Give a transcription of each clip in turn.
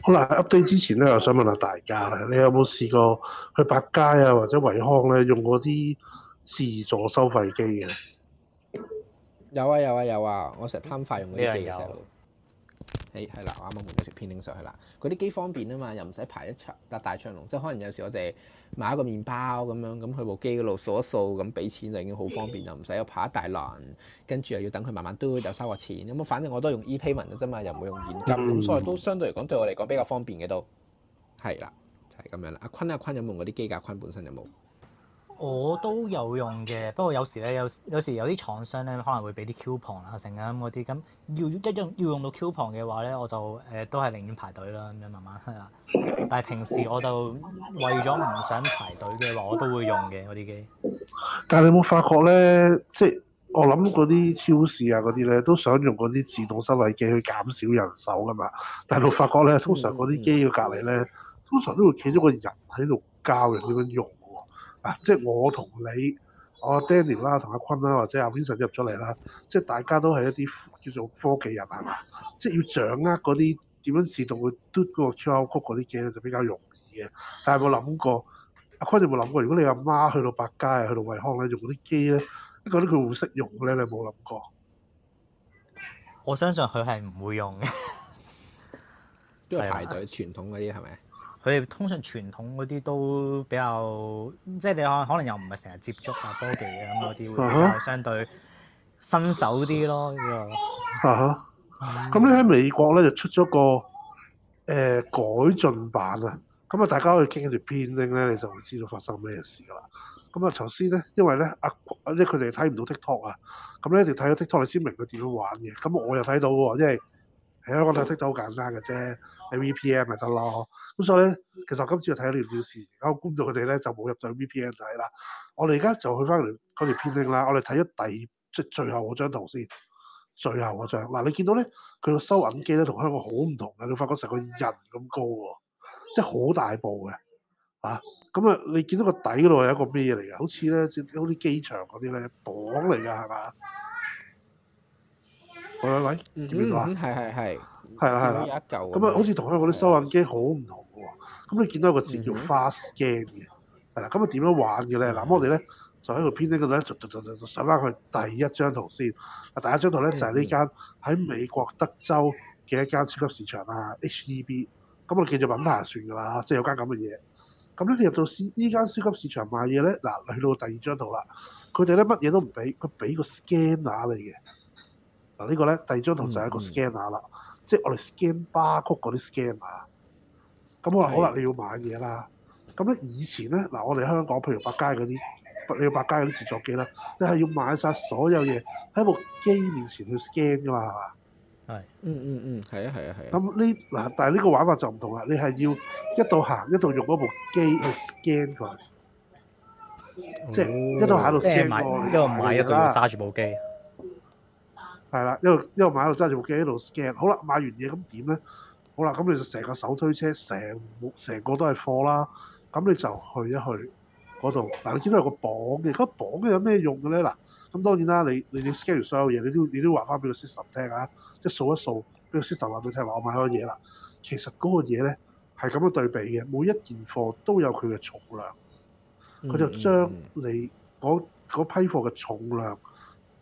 好啦，update 之前咧，我想問下大家咧，你有冇試過去百佳啊，或者惠康咧用嗰啲自助收費機嘅？有啊有啊有啊，我成日貪快用嗰啲機有。誒係啦，我啱啱、哎、換咗條片拎上去啦。嗰啲機方便啊嘛，又唔使排一場搭大長龍。即係可能有時我淨係買一個麵包咁樣，咁去部機嗰度掃一掃，咁俾錢就已經好方便，又唔使又排一大輪，跟住又要等佢慢慢堆又收個錢。咁啊，反正我都用 e-payment 嘅啫嘛，又唔會用現金，咁所以都相對嚟講對我嚟講比較方便嘅都係啦，就係、是、咁樣啦。阿坤阿坤有冇用嗰啲機架？阿坤本身有冇？我都有用嘅，不過有時咧，有有時有啲廠商咧可能會俾啲 coupon 啦、啊，成啊咁嗰啲咁，要一樣要用到 coupon 嘅話咧，我就誒、呃、都係寧願排隊啦，咁樣慢慢係啦。但係平時我就為咗唔想排隊嘅話，我都會用嘅嗰啲機。但係你冇發覺咧？即係我諗嗰啲超市啊嗰啲咧都想用嗰啲自動收銀機去減少人手㗎嘛？但係都發覺咧，通常嗰啲機嘅隔離咧，嗯嗯通常都會企咗個人喺度教人點樣用。嗱，即係我同你，我 Danny 啦，同阿坤啦，或者阿 Vincent 入咗嚟啦，即係大家都係一啲叫做科技人係嘛？即係要掌握嗰啲點樣自動會嘟 o 嗰個曲嗰啲機咧，就比較容易嘅。但係有冇諗過？阿坤你有冇諗過？如果你阿媽去到百佳、去到惠康咧，用嗰啲機咧，覺得佢會識用咧，你有冇諗過？我相信佢係唔會用嘅， 都要排隊吧傳統嗰啲係咪？佢哋通常傳統嗰啲都比較，即係你可能又唔係成日接觸啊科技嘅，咁嗰啲會相對新手啲咯。啊哈！咁你喺美國咧就出咗個誒改進版啊，咁啊大家可以傾一條片拎咧，你就會知道發生咩事㗎啦。咁啊，頭先咧，因為咧阿即係佢哋睇唔到 TikTok 啊，咁咧你睇到 TikTok 你先明佢點樣玩嘅，咁我又睇到喎，即係。香港我哋識得好簡單嘅啫，V P N 咪得咯。咁所以咧，其實我今次就睇咗條電視，我估唔到佢哋咧就冇入到 V P N 睇啦。我哋而家就去翻嚟嗰條片拎啦。我哋睇咗第即係最後嗰張圖先，最後嗰張嗱，你見到咧佢個收銀機咧同香港好唔同嘅，你發覺成個人咁高喎，即係好大部嘅啊。咁啊，你見到個底嗰度係一個咩嚟嘅？好似咧，好似啲機場嗰啲咧磅嚟㗎係嘛？喂喂喂，點樣玩？係係係，係啦係啦，一嚿。咁啊，好似同香港啲收銀機好唔同嘅喎。咁你見到有個字叫 Fast Scan 嘅，係啦。咁啊點樣玩嘅咧？嗱的，我哋咧就喺度編呢度咧，就上翻去第一張圖先。啊，第一張圖咧、嗯、哼就係呢間喺美國德州嘅一間超級市場啊，H E B 問問。咁啊，記住品牌算㗎啦，即係有間咁嘅嘢。咁咧，你入到呢間超級市場買嘢咧，嗱去到第二張圖啦。佢哋咧乜嘢都唔俾，佢俾個 scanner 你嘅。嗱呢個咧，第二張圖就係一個 s c a n n e 啦，即係我哋 scan b a r c 嗰啲 s c a n n 咁我話好啦，你要買嘢啦。咁咧是以前咧，嗱、呃、我哋香港譬如百佳嗰啲，你要百佳嗰啲自助機啦，你係要買晒所有嘢喺部機面前去 scan 噶嘛，係嘛？係。嗯嗯嗯。係啊係啊係啊。咁呢嗱，但係呢個玩法就唔同啦。你係要一度行一度用嗰部機去 scan 佢，嗯、即係一度行一度 scan 過。一到、嗯、買一到揸住部機。吧係啦，一路一路買一路揸住部機喺度 scan。好啦，買完嘢咁點咧？好啦，咁你就成個手推車成成個都係貨啦。咁你就去一去嗰度嗱，你知道、嗰個、有個磅嘅，嗰磅嘅有咩用嘅咧？嗱，咁當然啦，你你 scan 所有嘢，你都你都話翻俾個 system 聽啊，即數一數，俾個 system 話俾佢聽話，我買咗嘢啦。其實嗰個嘢咧係咁樣對比嘅，每一件貨都有佢嘅重量，佢就將你嗰批貨嘅重量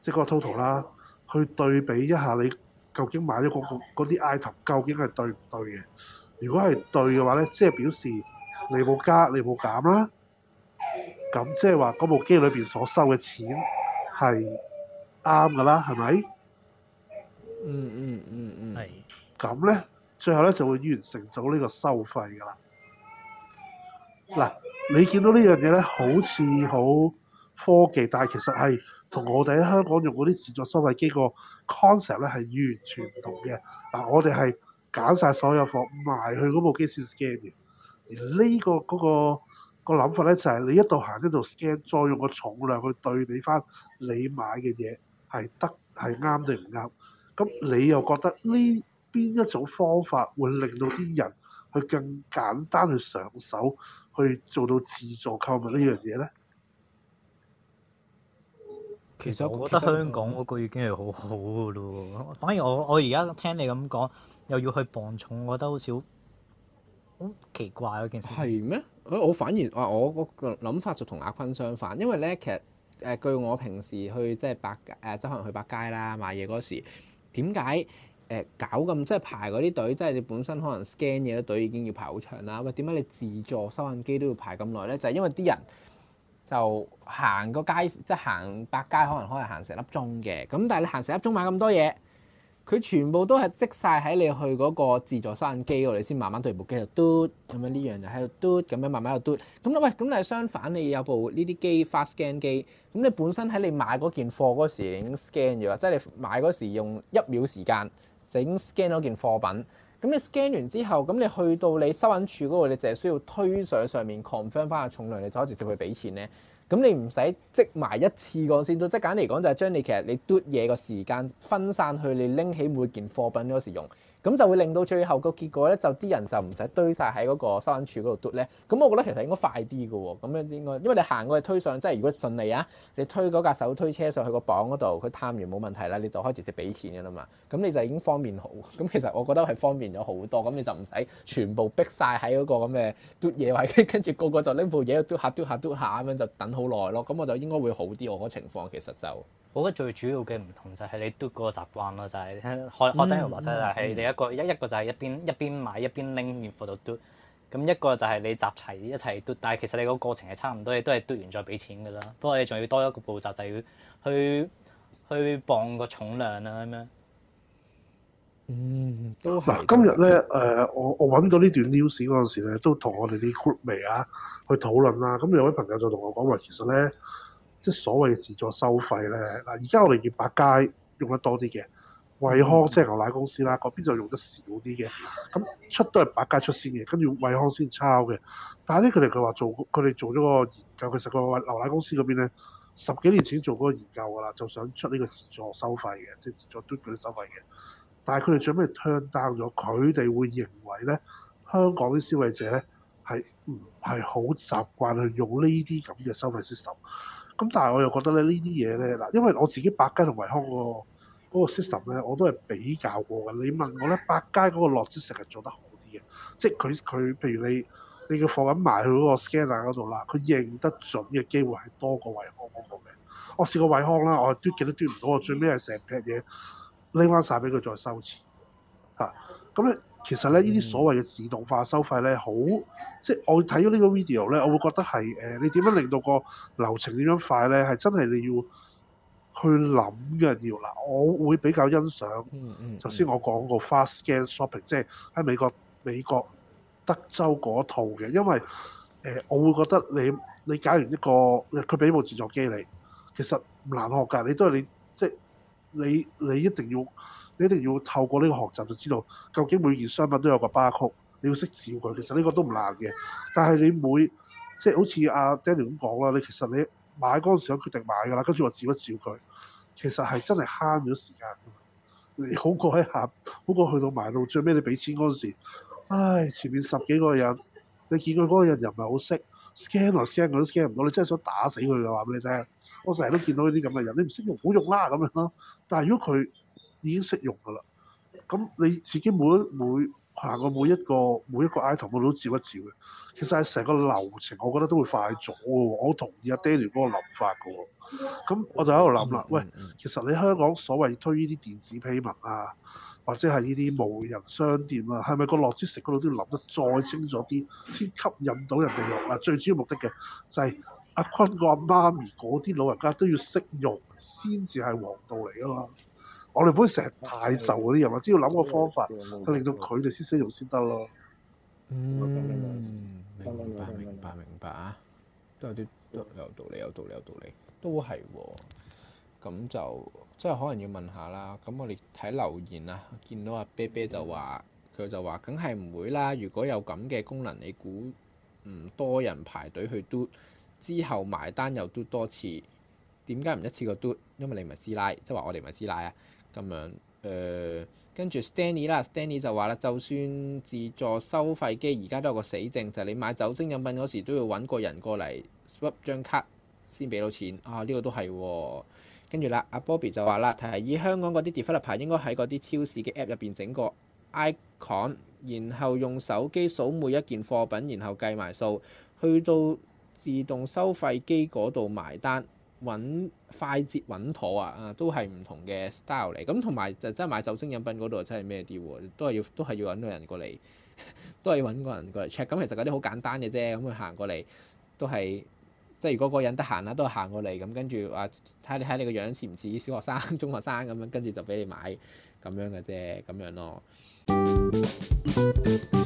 即係、就是、個 total 啦。去對比一下你究竟買咗嗰啲 item 究竟係對唔對嘅？如果係對嘅話咧，即係表示你冇加你冇減啦。咁即係話嗰部機裏邊所收嘅錢係啱㗎啦，係咪？嗯嗯嗯嗯，係。咁咧，最後咧就會完成咗呢個收費㗎啦。嗱，你見到呢樣嘢咧，好似好科技，但係其實係。同我哋喺香港用嗰啲自助收費機個 concept 咧係完全唔同嘅。嗱，我哋係揀晒所有貨賣去嗰部機先 scan 嘅。而、那個那個、呢個嗰個個諗法咧就係、是、你一度行一度 scan，再用個重量去對比翻你買嘅嘢係得係啱定唔啱。咁你又覺得呢邊一種方法會令到啲人去更簡單去上手，去做到自助購物呢樣嘢咧？其實我覺得香港嗰個已經係好好嘅咯喎，反而我我而家聽你咁講，又要去磅重，我覺得好似好奇怪嘅件事。係咩？我反而啊，我個諗法就同阿坤相反，因為咧，其實誒、呃、據我平時去即係百誒即係可能去百佳啦買嘢嗰時，點解誒搞咁即係排嗰啲隊，即係你本身可能 scan 嘢嘅隊已經要排好長啦，喂，點解你自助收銀機都要排咁耐咧？就係、是、因為啲人。就行個街即係行百街，可能可能行成粒鐘嘅咁。但係你行成粒鐘買咁多嘢，佢全部都係積晒喺你去嗰個自助收銀機，我哋先慢慢對部機度嘟，咁樣呢樣就喺度嘟，咁樣慢慢喺度嘟咁喂，咁但係相反，你有部呢啲機 Fast Scan 機，咁你本身喺你買嗰件貨嗰時已經 scan 咗，即係你買嗰時用一秒時間整 scan 嗰件貨品。咁你 scan 完之後，咁你去到你收銀處嗰度，你淨係需要推上上面 confirm 翻下重量，你就可以直接去俾錢咧。咁你唔使積埋一次過先，即係簡單嚟講，就係將你其實你嘟嘢個時間分散去你拎起每件貨品嗰時用。咁就會令到最後個結果咧，就啲人就唔使堆晒喺嗰個收銀處嗰度嘟咧。咁我覺得其實應該快啲嘅喎。咁樣應該，因為你行過去推上，即係如果順利啊，你推嗰架手推車上去個磅嗰度，佢探完冇問題啦，你就開始直接俾錢嘅啦嘛。咁你就已經方便好。咁其實我覺得係方便咗好多。咁你就唔使全部逼晒喺嗰個咁嘅嘟嘢位，跟住個個就拎部嘢嘟下嘟下嘟下咁樣就等好耐咯。咁我就應該會好啲。我個情況其實就。我覺得最主要嘅唔同就係你嘟 o 嗰個習慣啦，就係開開或者話，係、嗯嗯、你一個一一個就係一邊一邊買一邊拎入嗰度嘟咁一個就係你集齊一齊嘟，但係其實你個過程係差唔多，你都係嘟完再俾錢噶啦。不過你仲要多一個步驟就係、是、要去去，去磅個重量啦咁樣。嗯，都嗱、嗯、今日咧誒，嗯、我我揾到呢段 news 嗰陣時咧，都同我哋啲 group member、啊、去討論啦、啊。咁有位朋友就同我講話，其實咧。即係所謂嘅自助收費咧，嗱，而家我哋見百佳用得多啲嘅，惠康即係牛奶公司啦，嗰邊就用得少啲嘅。咁出都係百佳出先嘅，跟住惠康先抄嘅。但係咧，佢哋佢話做佢哋做咗個研究，其實個牛奶公司嗰邊咧十幾年前做嗰個研究噶啦，就想出呢個自助收費嘅，即係自助嘟佢啲收費嘅。但係佢哋最尾 turn down 咗，佢哋會認為咧，香港啲消費者咧係唔係好習慣去用呢啲咁嘅收費 system。咁但係我又覺得咧呢啲嘢咧嗱，因為我自己百佳同惠康嗰個嗰個 system 咧，我都係比較過嘅。你問我咧，百佳嗰個落之成係做得好啲嘅，即係佢佢譬如你你嘅貨品埋去嗰個 scanner 嗰度啦，佢認得準嘅機會係多過惠康嗰、嗰個嘅。我試過惠康啦，我嘟幾都嘟唔到，我最尾係成撇嘢拎翻晒俾佢再收錢嚇。咁、啊、咧。其實咧，呢啲所謂嘅自動化收費呢，好即係我睇咗呢個 video 呢，我會覺得係誒、呃，你點樣令到個流程點樣快呢？係真係你要去諗嘅。要嗱，我會比較欣賞頭先、嗯嗯嗯、我講個 Fast Scan Shopping，即係喺美國美國德州嗰套嘅，因為誒、呃，我會覺得你你解完一個，佢俾部自助機你，其實唔難學㗎，你都係你即係你你，你一定要。你一定要透過呢個學習，就知道究竟每件商品都有個 barcode，你要識照佢。其實呢個都唔難嘅，但係你每即係、就是、好似阿 Daniel 咁講啦，你其實你買嗰陣時有決定買㗎啦，跟住我照一照佢，其實係真係慳咗時間。你好過喺下，好過去到埋到，最尾你俾錢嗰陣時，唉，前面十幾個人，你見佢嗰個人又唔係好識。scan 或 scan 我都 scan 唔到、really，你真係想打死佢嘅話俾你聽，我成日都見到呢啲咁嘅人，你唔識用，唔好用啦咁樣咯。但係如果佢已經識用㗎啦，咁你自己每每，行過每一個每一個 item，我哋都照一照嘅。其實係成個流程，我覺得都會快咗喎。我好同意阿爹聯嗰個諗法嘅喎。咁我就喺度諗啦，喂，其實你香港所謂推呢啲電子批文啊，或者係呢啲無人商店啊，係咪個 logic 嗰度都要諗得再精咗啲，先吸引到人哋用？啊，最主要目的嘅就係阿坤個阿媽咪嗰啲老人家都要識用、啊，先至係王道嚟啊嘛。我哋唔好成日太受嗰啲人，我只要諗個方法令到佢哋先使用先得咯。嗯，明白明白明白啊！都有啲都有道理，有道理有道理，都係喎、哦。咁就即係、就是、可能要問下啦。咁我哋睇留言啊，見到阿啤啤就話佢、嗯、就話梗係唔會啦。如果有咁嘅功能，你估唔多人排隊去嘟？之後埋單又嘟多次，點解唔一次過嘟？因為你唔係師奶，即係話我哋唔係師奶啊。咁樣誒，跟、呃、住 Stanley 啦，Stanley 就話啦，就算自助收費機而家都有個死症，就係、是、你買酒精飲品嗰時都要揾個人過嚟 swap 張卡先俾到錢啊！呢、這個都係喎。跟住啦，阿 Bobby 就話啦，提議香港嗰啲 developer 應該喺嗰啲超市嘅 app 入邊整個 icon，然後用手機掃每一件貨品，然後計埋數，去到自動收費機嗰度埋單。穩快捷穩妥啊！啊，都係唔同嘅 style 嚟。咁同埋就真係買酒精飲品嗰度真係咩啲喎？都係要都係要揾個人過嚟，都係揾個人過嚟 check。咁其實嗰啲好簡單嘅啫。咁佢行過嚟都係，即係如果個人得閒啦，都係行過嚟咁，跟住話睇你睇你個樣似唔似小學生、 中學生咁樣，跟住就俾你買咁樣嘅啫，咁樣咯。